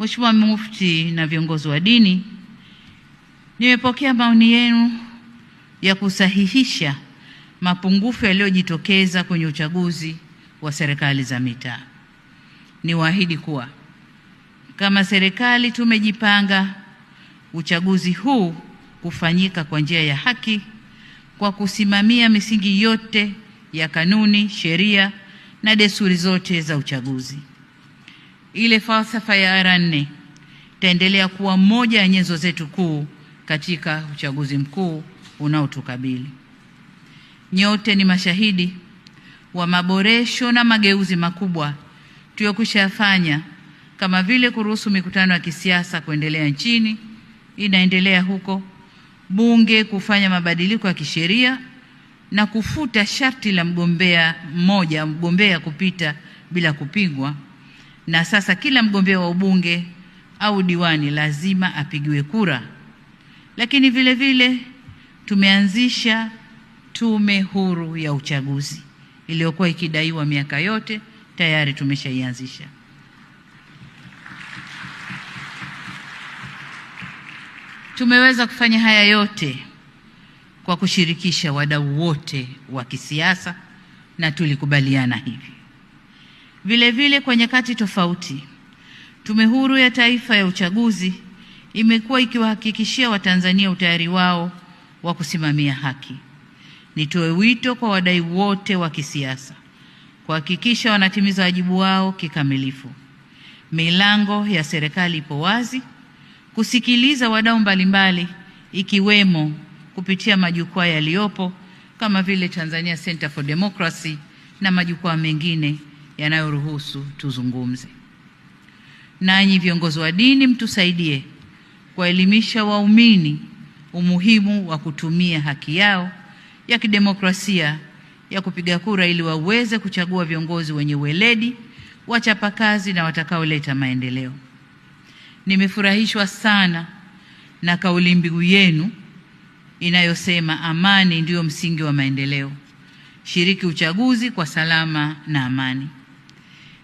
Mheshimiwa Mufti na viongozi wa dini, nimepokea maoni yenu ya kusahihisha mapungufu yaliyojitokeza kwenye uchaguzi wa serikali za mitaa. Niwaahidi kuwa kama serikali tumejipanga uchaguzi huu kufanyika kwa njia ya haki kwa kusimamia misingi yote ya kanuni, sheria na desturi zote za uchaguzi. Ile falsafa ya R 4 itaendelea kuwa moja ya nyenzo zetu kuu katika uchaguzi mkuu unaotukabili. Nyote ni mashahidi wa maboresho na mageuzi makubwa tuliyokushafanya kama vile kuruhusu mikutano ya kisiasa kuendelea nchini, inaendelea huko, bunge kufanya mabadiliko ya kisheria na kufuta sharti la mgombea mmoja mgombea kupita bila kupingwa na sasa kila mgombea wa ubunge au diwani lazima apigiwe kura. Lakini vile vile tumeanzisha tume huru ya uchaguzi iliyokuwa ikidaiwa miaka yote, tayari tumeshaianzisha. Tumeweza kufanya haya yote kwa kushirikisha wadau wote wa kisiasa na tulikubaliana hivi. Vilevile, kwa nyakati tofauti, Tume Huru ya Taifa ya Uchaguzi imekuwa ikiwahakikishia Watanzania utayari wao wa kusimamia haki. Nitoe wito kwa wadai wote wa kisiasa kuhakikisha wanatimiza wajibu wao kikamilifu. Milango ya serikali ipo wazi kusikiliza wadau mbalimbali, ikiwemo kupitia majukwaa yaliyopo kama vile Tanzania Center for Democracy na majukwaa mengine yanayoruhusu tuzungumze. Nanyi viongozi wa dini, mtusaidie kuwaelimisha waumini umuhimu wa kutumia haki yao ya kidemokrasia ya kupiga kura ili waweze kuchagua viongozi wenye weledi, wachapakazi na watakaoleta maendeleo. Nimefurahishwa sana na kauli mbiu yenu inayosema amani ndiyo msingi wa maendeleo. Shiriki uchaguzi kwa salama na amani.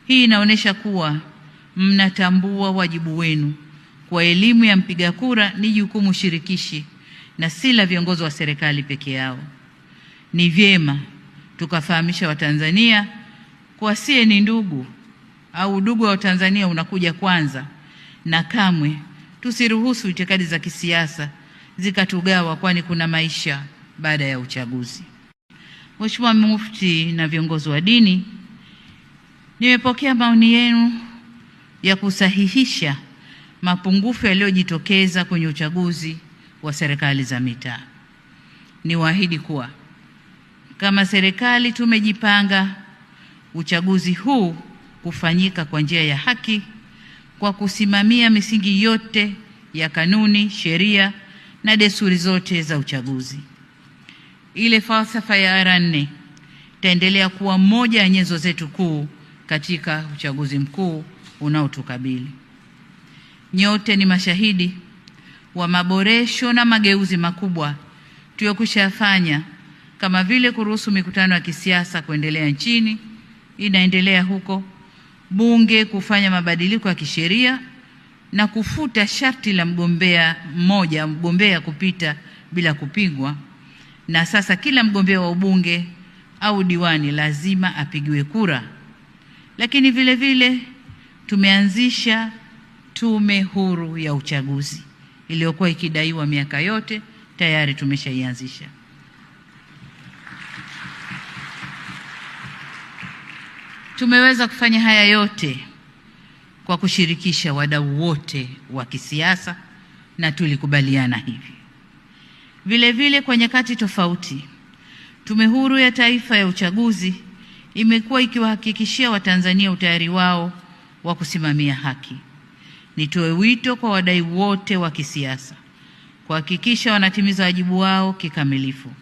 Hii inaonyesha kuwa mnatambua wajibu wenu kwa elimu ya mpiga kura ni jukumu shirikishi na si la viongozi wa serikali peke yao. Ni vyema tukafahamisha Watanzania kwa sie ni ndugu au udugu wa Tanzania unakuja kwanza, na kamwe tusiruhusu itikadi za kisiasa zikatugawa, kwani kuna maisha baada ya uchaguzi. Mheshimiwa Mufti na viongozi wa dini Nimepokea maoni yenu ya kusahihisha mapungufu yaliyojitokeza kwenye uchaguzi wa serikali za mitaa. Niwaahidi kuwa kama serikali tumejipanga uchaguzi huu kufanyika kwa njia ya haki kwa kusimamia misingi yote ya kanuni, sheria na desturi zote za uchaguzi. Ile falsafa ya R 4 itaendelea kuwa moja ya nyenzo zetu kuu katika uchaguzi mkuu unaotukabili. Nyote ni mashahidi wa maboresho na mageuzi makubwa tuliyokushafanya kama vile kuruhusu mikutano ya kisiasa kuendelea nchini, inaendelea huko, bunge kufanya mabadiliko ya kisheria na kufuta sharti la mgombea mmoja mgombea kupita bila kupigwa, na sasa kila mgombea wa ubunge au diwani lazima apigiwe kura. Lakini vile vile tumeanzisha tume huru ya uchaguzi iliyokuwa ikidaiwa miaka yote, tayari tumeshaianzisha. Tumeweza kufanya haya yote kwa kushirikisha wadau wote wa kisiasa na tulikubaliana hivi. Vile vile, kwa nyakati tofauti, Tume Huru ya Taifa ya Uchaguzi imekuwa ikiwahakikishia Watanzania utayari wao wa kusimamia haki. Nitoe wito kwa wadai wote wa kisiasa kuhakikisha wanatimiza wajibu wao kikamilifu.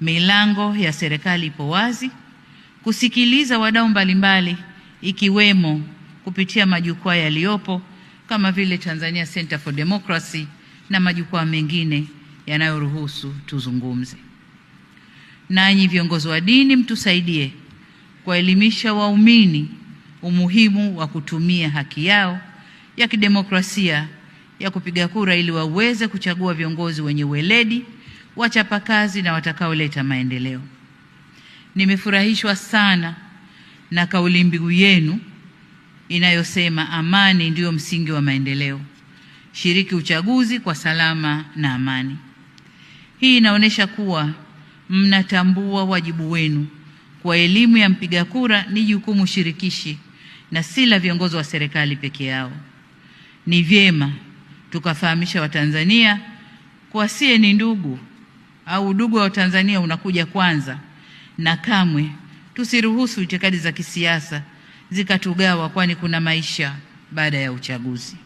Milango ya serikali ipo wazi kusikiliza wadau mbalimbali ikiwemo kupitia majukwaa yaliyopo kama vile Tanzania Center for Democracy na majukwaa mengine yanayoruhusu tuzungumze. Nanyi viongozi wa dini mtusaidie kuwaelimisha waumini umuhimu wa kutumia haki yao ya kidemokrasia ya kupiga kura ili waweze kuchagua viongozi wenye weledi, wachapakazi na watakaoleta maendeleo. Nimefurahishwa sana na kauli mbiu yenu inayosema amani ndiyo msingi wa maendeleo, shiriki uchaguzi kwa salama na amani. Hii inaonyesha kuwa mnatambua wajibu wenu kuwa elimu ya mpiga kura ni jukumu shirikishi na si la viongozi wa serikali peke yao. Ni vyema tukafahamisha Watanzania kuwa sie ni ndugu au udugu wa Tanzania unakuja kwanza, na kamwe tusiruhusu itikadi za kisiasa zikatugawa, kwani kuna maisha baada ya uchaguzi.